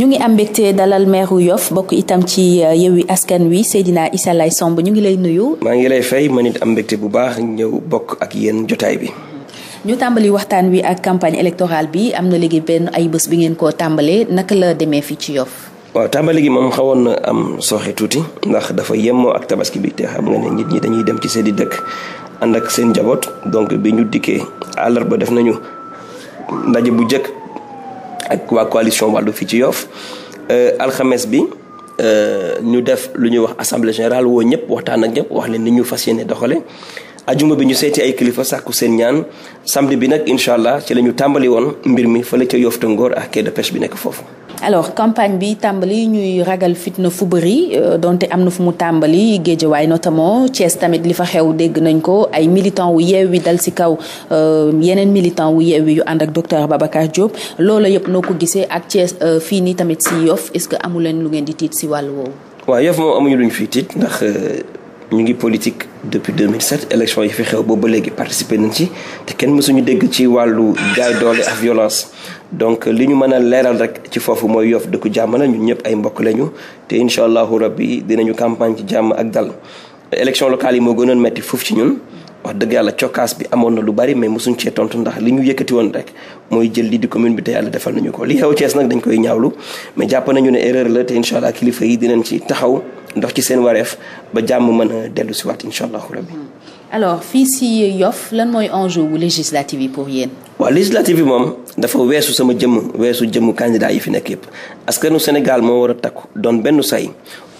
ñu ngi am mbégte dalal meeru Yoff bokk itam ci euh, Yewwi Askan Wi Seydina Issa Laye Samb ñu ngi lay nuyu. maa ngi lay fay man it am mbégte bu baax ñëw bokk ak yéen jotaay bi. ñu tàmbali waxtaan wi ak campagne électorale bi am na léegi benn ay bés bi ngeen ko tàmbalee naka la demee fii ci yof waaw tàmbali gi moom xawoon na am sooxe tuuti ndax dafa yemoo ak tabaski bi te xam nga ne nit ñi dañuy dem ci seen i dëkk ànd ak seen njaboot donc bi ñu dikkee àllarba def nañu ndaje bu njëkk ak waa coalition wàllu fii ci Yoff euh, alxames bi euh, ñu def lu ñuy wax assemblée générale woo ñëpp waxtaan ak ñëpp wax leen ni ñu fas yéene doxale ajuma bi ñu seeti ay kilifa sàkku seen ñaan samedi bi nag incha allah ci la ñu tàmbali woon mbir mi fële ca Yoff Tëngoor ak quai de pêche bi nekk foofu. alors campagne bi tàmbali ñuy ragal fitna fu bëri euh, donte am na fu mu tàmbali géejawaay notamment Thiès tamit li fa xew dégg nañ ko ay militant wu yeew wi dal si kaw euh, yeneen militant wu yeew wi yu ànd ak docteur Babacar Diop loola yëpp noo ko gisee ak Thiès euh, fii nii tamit si yoof est-ce que amu leen lu ngeen di tiit si wàll woowu. waaw ndax. ñu ngi politique depuis 2007 élection yi fi xew boobu ba léegi participer nañ ci te kenn mësuñu dégg ci wàllu jaay doole ak violence. donc li ñu mën a leeral rek ci foofu mooy Yoff dëkku jàmm la ñun ñëpp ay mbokk lañu te incha allahu rabbi dinañu campagne ci jàmm ak dal. élection locale yi moo gënoon métti foofu ci ñun. wax dëgg yàlla cokkaas bi amoon na lu bari mais mosuñ cee tontu ndax li ñu yëkkati woon rek mooy jël lii di commune bi te yàlla defal nañu ko li xew Thiès nag dañ koy ñaawlu mais jàpp ne erreur la te incha allah kilifa yi dinañ ci taxaw ndox ci seen wareef ba jàmm mën a dellu si waat incha allahu rabbi fii si Yoff lan mooy enjeu wu législative yi pour yéen. waaw législative yi moom dafa weesu sama jëmm weesu jëmmu candidat yi fi nekk yëpp askanu Sénégal moo war a takku doon benn say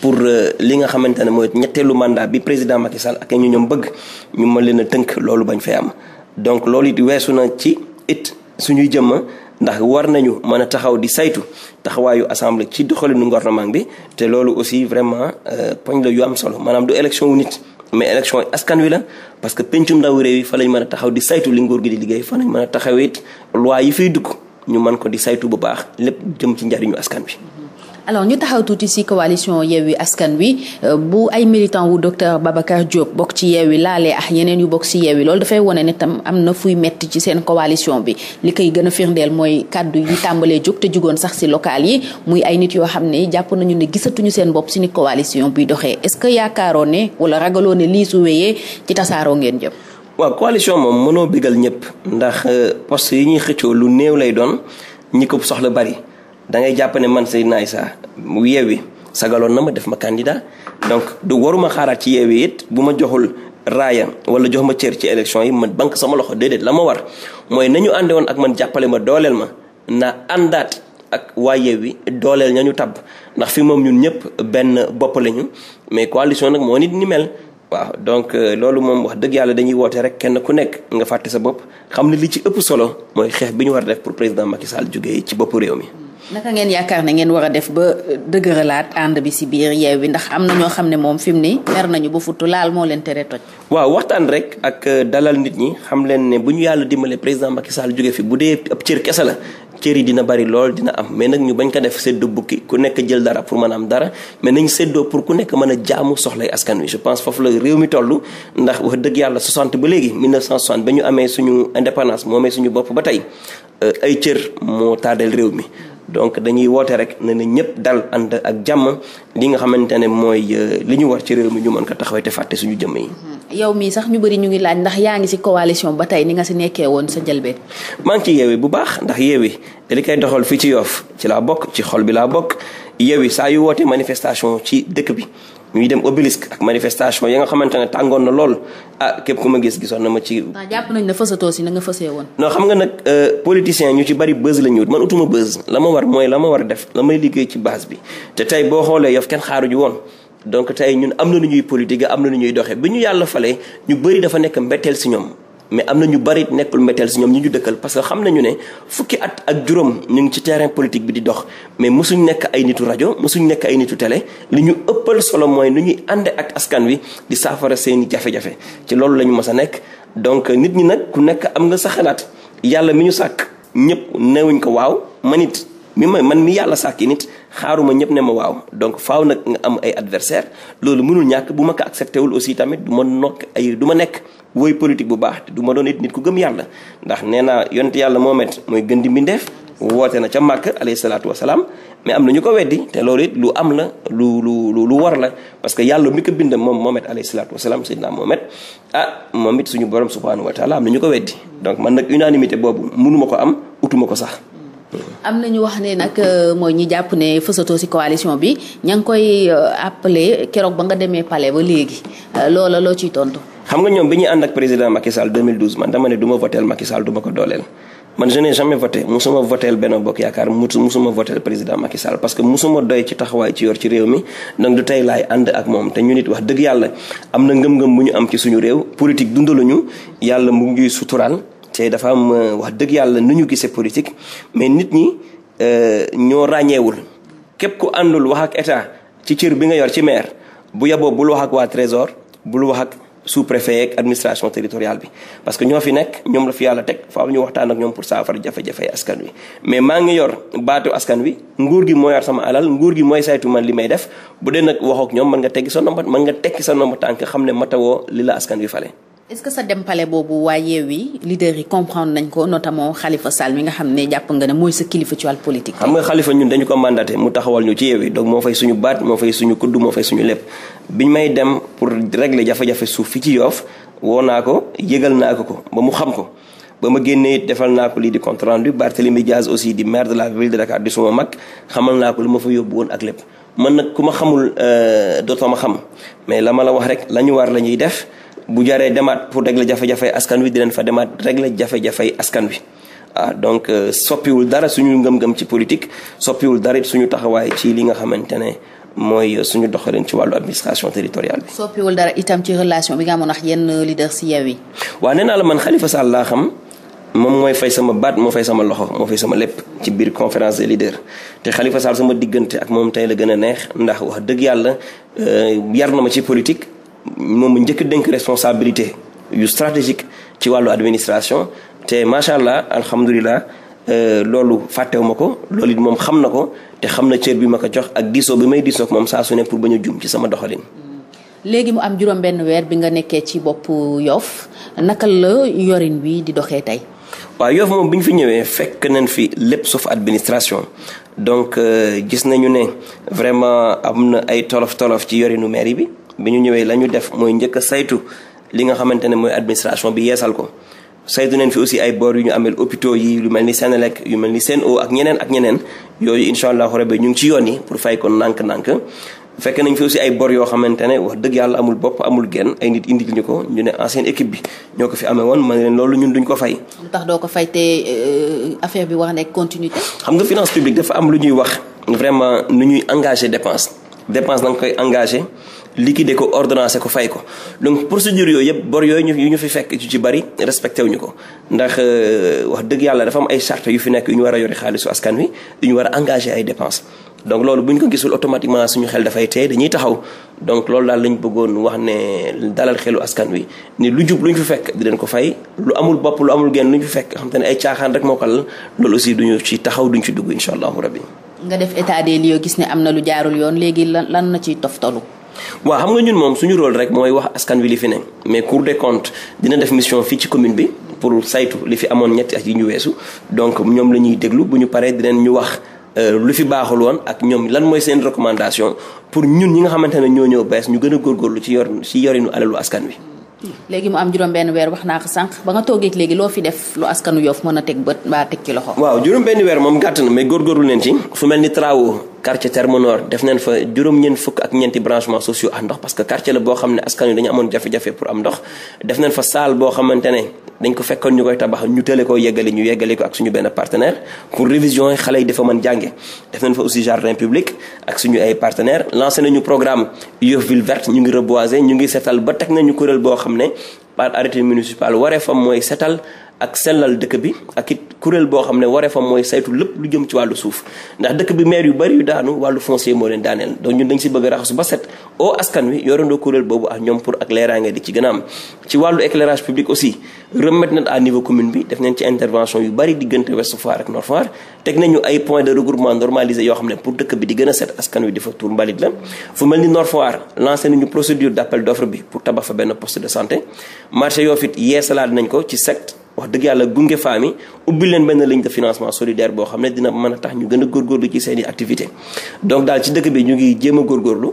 pour euh, li nga xamante ne mooy ñetteelu mandat bi président Macky Sall ak ñu ñoom bëgg ñu mën leen tënk loolu bañ fay am donc loolu it weesu na ci it. suñuy jëmma ndax war nañu mën a taxaw di saytu taxawaayu assemblée ci doxalinu gouvernement bi te loolu aussi vraiment euh, poñ la yu am solo maanaam du élection wu nit mais élection askan wi la parce que pencum ndaw réew yi fa lañ mën a taxaw di saytu li nguur gi di liggéey fa lañ mën a taxawit loi yi fiy dugg ñu mën ko di saytu bu baax lépp jëm ci njariñu askan wi alors ñu taxaw tuuti ci coalition yi Askan Wi euh, bu ay militant wu docteur Babacar Diop bokk ci yi laalee ak yeneen yu bokk ci yi loolu dafay wone ne tam am na fuy metti ci seen coalition bi li koy gën a firndeel mooy kàddu yi tàmbalee jóg te jugoon sax ci local yi muy ay nit yoo xam ne jàpp nañu ne gisatuñu seen bopp ci ni coalition bi doxee est-ce que yaakaaroo ne wala ragaloo ne lii su wéyee ci tasaaroo ngeen jëm. waaw coalition moom mënoo bégal ñëpp ndax euh, poste yi ñuy xëccoo lu néew lay doon ñi ko soxla bari. da ngay jàpp ne man Seydina Issa mu yeewi sagaloon na ma def ma candidat donc du waruma xaaraat ci yeewi it bu ma joxul raaya wala jox ma cër ci élection yi man banque sama loxo déedéet la ma war mooy nañu ànde woon ak man jàppale ma dooleel ma naa àndaat ak waaye yeewi dooleel ña ñu tabb ndax fi moom ñun ñëpp benn bopp lañu mais coalition nag moo nit ni mel waaw donc euh, loolu moom wax dëgg yàlla dañuy woote rek kenn ku nekk nga fàtte sa bopp xam ne li ci ëpp solo mooy xeex bi ñu war def pour président Macky Sall jógee ci boppu réew mi naka ngeen yaakaar ne ngeen war a def ba euh, dëgëralaat ànd bi si biir yeew bi ndax am na ñoo xam ne moom fi mu ni mer nañu ba futu laal moo leen tere toj. waaw waxtaan rek ak euh, dalal nit ñi xam leen ne bu ñu yàlla dimbale président Macky Sall jóge fi bu dee ab cër kese la cër yi dina bari lool dina am mais nag ñu bañ ko def séddoo bukki ku nekk jël dara pour mën am dara mais nañ séddoo pour ku nekk mën a jaamu soxlay askan wi je pense foofu la réew mi toll ndax wax dëgg yàlla 60 ba léegi 1960 ba ñu amee suñu indépendance moo amee suñu bopp ba tey euh, ay cër moo réew mi donc dañuy woote rek ne nañ ñëpp dal ànd ak jàmm li nga xamante ne mooy euh, li ñu war ci réew mi ñu mën ko taxawee te fàtte suñu jëmm yi. Hmm. yow mii sax ñu bëri ñu ngi laaj ndax yaa ngi ci coalition ba tey ni nga si nekkee woon sa njëlbeen. maa ngi ci yeewi bu baax ndax yeewi li koy doxal fii ci yoof ci laa bokk ci xol bi laa bokk yeewi saa yu woote manifestation ci dëkk bi. ñuy dem obélisque ak manifestation ya nga xamante ne tàngoon na lool ah képp ku ma gis gisoon na ma ci. waaw ah, jàpp nañ ne fësatoo si na nga fësee woon. non xam nga nag euh, politicien ñu ci bari buzz la ñu wut man utuma buzz la ma war mooy la ma war def la may liggéey ci base bi te tey boo xoolee yof kenn xaaruju woon. donc tey ñun am na nu ñuy politique am na nu ñuy doxee bi ñu yàlla falee ñu bëri dafa nekk mbetteel si ñoom mais am na ñu bari nekkul méteel si ñoom ñu ñu dëkkal parce que xam ñu ne fukki at ak juróom ñu ngi ci terrain politique bi di dox mais mosuñ nekk ay nitu rajo mosuñ nekk ay nitu télé li ñu ëppal solo mooy nu ñuy ànd ak askan wi di saafara seeni jafe ci loolu la ñu a nekk donc nit ñi nag ku nekk am nga sa xalaat yàlla mi ñu sàkk ñëpp newuñ ko waaw manit it mi may man mi yàlla sàkki nit xaaruma ñëpp ne ma waaw donc faaw nag nga am ay adversaire loolu mënul ñàkk bu ma ko accepté wul aussi tamit du nokk ay du ma nekk woy politique bu baax du ma doon it nit ku gëm yàlla ndax nee naa yonent yàlla Muhammad mooy gën di mbindeef woote na ca Màkka alayhi salaatu wasalaam mais am na ñu ko weddi te loolu it lu am la lu lu lu war la parce que yàlla mi ko bind moom Muhammad alayhi salaatu wasalaam sayyidina Muhammad ah moom it suñu borom subhaanahu wa am na ñu ko weddi donc man nag unanimité boobu mënuma ko am utuma ko sax. am na ñu wax ne nag euh, mooy ñi jàpp ne fësatoo ci coalition bi ña ngi koy euh, appelé keroog ba nga demee palais ba léegi euh, loola loo ciy tontu. xam nga ñoom bi ñu ànd ak président Macky Sall 2012 man dama ne du ma voteel Macky Sall du ma ko dooleel man je n'ai jamais voté musuma voteel Benno Bokk Yaakaar musuma voteel président Macky Sall parce que musuma doy ci taxawaay ci yor ci réew mi donc du tey laay ànd ak moom te ñu nit wax dëgg yàlla am na ngëm-ngëm mu ñu am ci suñu réew politique dundaluñu yàlla mu ngi suturaan te dafa am wax dëgg yàlla nu ñu gisee politique mais nit ñi euh, ñoo ràññeewul képp ku àndul wax ak état ci cër bi nga yor ci maire bu yaboo bul wax waa trésor bul wax ak sous-préfet yeeg administration territoriale bi parce que ñoo fi nekk ñoom la fi yàlla teg faaw ñu waxtaan ak ñoom pour saafara jafe-jafe askan wi mais maa ngi yor baatu askan wi nguur gi moo yor sama alal nguur gi mooy saytu man li may def bu dee nag waxook ñoom mën nga teggi sa nomba mën nga tekki sa nomba tànk xam ne matawoo li la askan wi fale est-ce que sa ko notamment Khalifa Sall mi nga xam ne jàpp nga ne mooy sa kilifa ci wàllu politique. xam nga Khalifa ñun dañu ko mandaté mu ñu ci Yewwi donc moo fay suñu baat moo fay suñu kudd may dem régler jafe-jafe suuf fi ci yoof woo naa ko yëgal naa ko ko ba mu xam ko ba ma génnee it defal naa ko lii di compte rendu Barthélemy Diaz aussi di maire de la ville de Dakar di suma mag xamal naa ko lu ma fa yóbbu woon ak lépp man nag ku ma xamul euh, dootoo ma xam mais la ma la wax rek la ñu war la ñuy def bu jaree demaat pour régler jafe-jafey askan wi dinañ fa demaat régler jafe-jafey askan wi ah donc euh, soppiwul dara suñu ngëm-ngëm ci politique soppiwul dara suñu taxawaay ci li nga xamante ne mooy suñu doxalin ci wàllu administration territoriale bi. soppiwul dara itam ci relation bi nga amoon ak yenn leader si Yewwi. waaw nee man xalifa Sall laa xam moom mooy fay sama baat moo fay sama loxo moo fay sama lépp ci biir conférence des leaders te Khalifa Sall sama diggante ak moom tey la gën a neex ndax wax dëgg yàlla euh, yar na ma ci politique moom njëkk dénk responsabilité yu stratégique ci wàllu administration te macha allah alhamdulilah. Euh, loolu fàttewuma ko loolu it moom xam na ko te xam na cër bii ma ko jox ak diisoo bi may diisoo ak moom saa su ne pour ba ñu jum ci sama doxalin. Mm. léegi mu am juróom benn weer bi nga nekkee ci boppu Yoff naka la yorin wi di doxee tey. waaw Yoff moom bi ñu fi ñëwee fekk nañ fi lépp sauf administration donc euh, gis nañu ne vraiment am na ay tolof tolof ci yorinu mairie bi bi ñu ñëwee la ñu def mooy njëkk a saytu li nga xamante ne mooy administration bi yeesal ko. saytu neen fi aussi ay bor yu ñu amel hôpitaux yi lu mel ni seen Senelec yu mel ni Sen'Eau ak ñeneen ak ñeneen yooyu incha allahu rabbi ñu ngi ci yoon yi pour fay ko nànk-nànk fekk nañ fi aussi ay bor yoo xamante ne wax dëgg yàlla amul bopp amul genn ay nit indil ko ñu ne ancienne équipe bi ñoo ko fi amee woon man loolu ñun duñ ko fay. lu tax doo ko fay te euh, affaire bi war nekk continuité. xam nga finance publique dafa am lu ñuy wax vraiment nu ñuy engagé dépense dépense da nga koy engagé. liquider ko ordonnancé ko fay ko donc procédure yooyu yëpp bor yooyu yu ñu fi fekk yu ci bari respecté wuñu ko ndax euh, wax dëgg yàlla dafa am ay charte yu fi nekk yu ñu war a yore xaalisu askan wi yu ñu war a engagé ay dépenses donc loolu bu ñu ko gisul automatiquement suñu xel dafay tey dañuy taxaw donc loolu daal lañ bëggoon wax ne dalal xelu wi ni lu jub lu ñu fi fekk di leen ko fay lu amul bopp lu amul genn lu ñu fi fekk xam te ne ay caaxaan rek moo ko lal loolu aussi duñu ci taxaw duñ ci dugg incha allahu rabbi nga def état des lieux gis ne am na waa xam nga ñun moom suñu rôle rek mooy wax askan wi li fi ne mais Cour des comptes dina def mission fii ci commune bi pour saytu li fi amoon ñetti at yi ñu weesu donc ñoom la ñuy déglu bu ñu paree dinañ ñu wax euh, lu fi baaxul woon ak ñoom lan mooy seen recommandation pour ñun ñi nga xamante ne ñoo ñëw bees ñu gën a góorgóorlu ci yor ci yorinu alalu askan wi léegi mu am juróom-benn weer wax naa ko sànq ba nga toogeeg léegi loo fi def lu askanu Yoff mën a teg bët mbaa teg ci loxo. waaw juróom-benn weer moom gàtt na mais góorgóorlu leen ci. fu mel ni travaux quartier Terme Nord def nañ fa juróom-ñeent fukk ak ñeenti branchements sociaux ak ndox parce que quartier la boo xam ne askan wi dañu amoon jafe-jafe pour am ndox def nañ fa salle boo xamante ne dañ ko fekkoon ñu koy tabax ñu tële ko yeggali ñu yeggali ko ak suñu benn partenaire pour révision yi xale yi dafa mën jànge def nañ fa aussi jardin public ak suñu ay partenaire lancé nañu programme UF verte ñu ngi reboiser ñu ngi setal ba teg nañu kuréel boo xam ne par arrêté municipal waree fam mooy setal ak sellal dëkk bi ak it kuréel boo xam ne waree fa mooy saytu lépp lu jëm ci wàllu suuf ndax dëkk bi maire yu bari yu daanu wàllu foncier moo leen daaneel donc ñun dañ si bëgg raxasu ba set oo askan wi yorandoo kuréel boobu ak ñoom pour ak leeraange di ci gën a am ci wàllu éclairage public aussi remettre na à niveau commune bi def nañ ci intervention yu bari diggante Ouest Foire ak Nord Foire teg nañu ay point de regroupement normalisé yoo xam ne pour bi d' appel d' offre bi pour tabax fa benn wax dëgg yàlla gunge femmes yi ubbi leen benn ligne de financement solidaire boo xam ne dina mën a tax ñu gën a góorgóorlu ci seeni i activité donc daal ci dëkk bi ñu ngi jéem góor góorgóorlu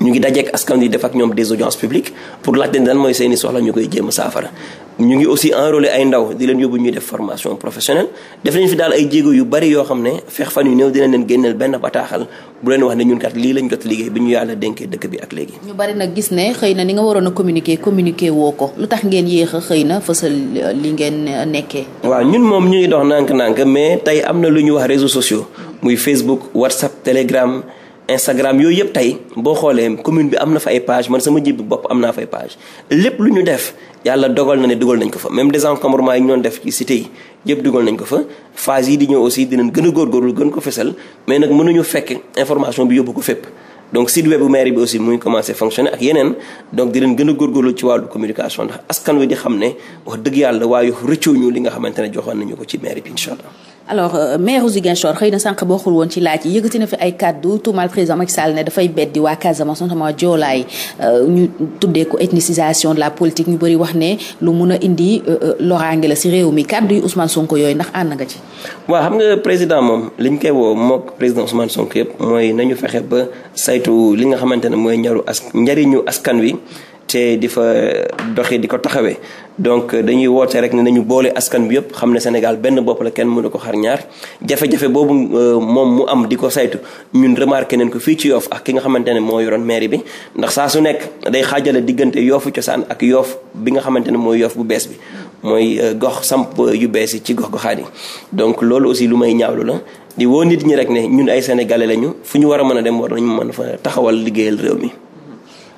ñu ngi dajeek askan wi def ak ñoom des audiences publiques pour laaj leen mooy seeni i soxla ñu koy jéem a saafara ñu ngi aussi enrôler ay ndaw di leen yóbbu ñuy def formation professionnelle def nañ fi daal ay jéego yu bari yoo xam ne feex fan yu néew dinañ leen génneel benn bataaxal leen wax ne ñun kat lii lañ jot liggéey bi ñu yàlla denkee dëkk bi ak léegi. ñu bari nag gis ne xëy na ni nga waroon a communiquer communiquer woo ko lu tax ngeen yéex a xëy na fësal li ngeen nekkee. waaw ñun moom ñuy dox nànk-nànk mais tey am na lu ñu wax réseaux sociaux muy Facebook WhatsApp Telegram. Instagram yooyu yëpp tey boo xoolee commune bi am na fa ay page man sama jib bopp am naa fa ay page lépp lu ñu def yàlla dogal na ne dugal nañ ko fa même désencombrement yi ñu doon def yëpp dugal nañ ko fa phase yi di ñëw aussi dinañ gën a góorgóorlu gën ko fesal mais nag mënuñu fekk information bi yóbbu ko fépp donc site web bu mairie bi aussi mu ngi commencé fonctionner ak yeneen donc di leen gën a góorgóorlu ci wàllu communication ndax askan wi di xam ne wax dëgg yàlla waaye rëccoo ñu li nga xamante ne joxoon nañu ko ci mairie bi incha allah alors euh, maire Ziguinchor xëy na sànq bokkul woon ci laaj yi yëkkati na fi ay kàddu tuumaal président Macky Sall ne dafay beddi waa Casamance notamment joolaay euh, ñu tuddee ko ethnicisation de la politique ñu bëri wax ne lu mun a indi euh, loraange la si réew mi kàddu yi Ousmane Sonko yooyu ndax ànd nga ci. waaw xam nga président moom li ñu koy woo mook président Ousmane Sonko yëpp mooy nañu fexe ba saytu li nga xamante ne mooy ñaru as njariñu askan wi te di fa doxi di ko taxawee. donc euh, dañuy woote rek ne nañu boole askan bi yëpp xam ne Sénégal benn bopp la kenn mënu ko xar ñaar jafe-jafe boobu euh, moom mu am di ko saytu ñun remarqué nañ ko fii ci yoof ak ki nga xamante ne moo yoroon bi ndax saa su nekk day xaajale diggante yoofu cosaan ak yoof bi nga xamante ne mooy yoof bu bees bi mooy euh, gox samp yu bees yi ci gox goxaat yi donc loolu aussi lu may ñaawlu la di woo nit ñi rek ne ñun ay sénégalais lañu fu ñu war a mën a dem war nañu mën fa taxawal liggéeyal réew mi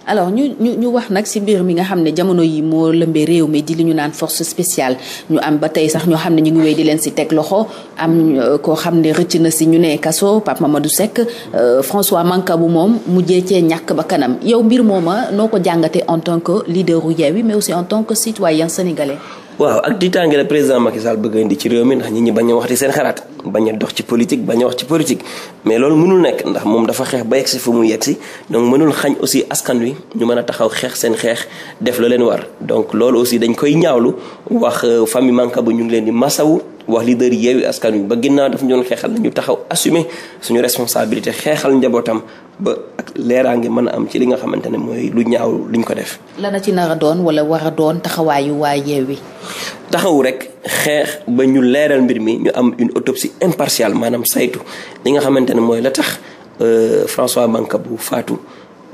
alors ñu ñu ñu wax nag ci mbir mi nga xam ne jamono yi moo lëmbee réew mi di li ñu naan force spéciale ñu am ba tey sax ñoo xam ne ñu ngi wéy di leen ci teg loxo am euh, koo xam ne rëcc na si ñu ne kaso Pape Mamadou Seck euh, François bu moom mujjee cee ñàkk ba kanam yow mbir mooma noo ko jàngatee en tant que leader u Yewwi mais aussi en tant que citoyen sénégalais waaw ak tiitaange la président Macky Sall bëgg a indi ci réew mi ndax nit ñi bañ a waxti seen xalaat bañ a dox ci politique bañ a wax ci politique mais loolu mënul nekk ndax moom dafa xeex ba yegsi fu mu yegsi donc mënul xañ aussi askan wi ñu mën a taxaw xeex seen xeex def la leen war donc loolu aussi dañ koy ñaawlu wax euh, famille Mancabou ñu ngi leen di masawu wax leader yeewi askan wi ba ginnaaw daf ñu xeexal nañu taxaw assumer suñu responsabilité xeexal njabootam ba ak leeraange mën a am ci li nga xamante ne mooy lu ñaaw luñ ko def. lana ci nar doon wala war a doon taxawaayu waa yeewi. rek xeex ba ñu leeral mbir mi ñu am une autopsie impartiale maanaam saytu li nga xamante ne mooy la tax euh, François Mancabou faatu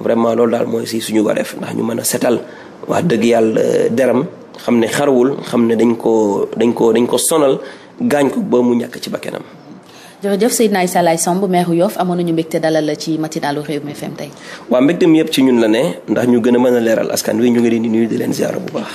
vraiment loolu daal mooy si suñu wareef ndax ñu mën a setal waa dëgg yàlla deram xam ne xarwul xam ne dañ ko dañ ko dañ ko sonal gaañ ko ba mu ñàkk ci bakkanam. jërëjëf Seydina Issa Laye Samb maire yoof amoon nañu mbégte dalal la ci matinalu Rewmi FM tey. waa mbégte mi yëpp ci ñun la ne ndax ñu gën a mën a leeral askan wi ñu ngi leen di nuyu di leen ziar bu baax.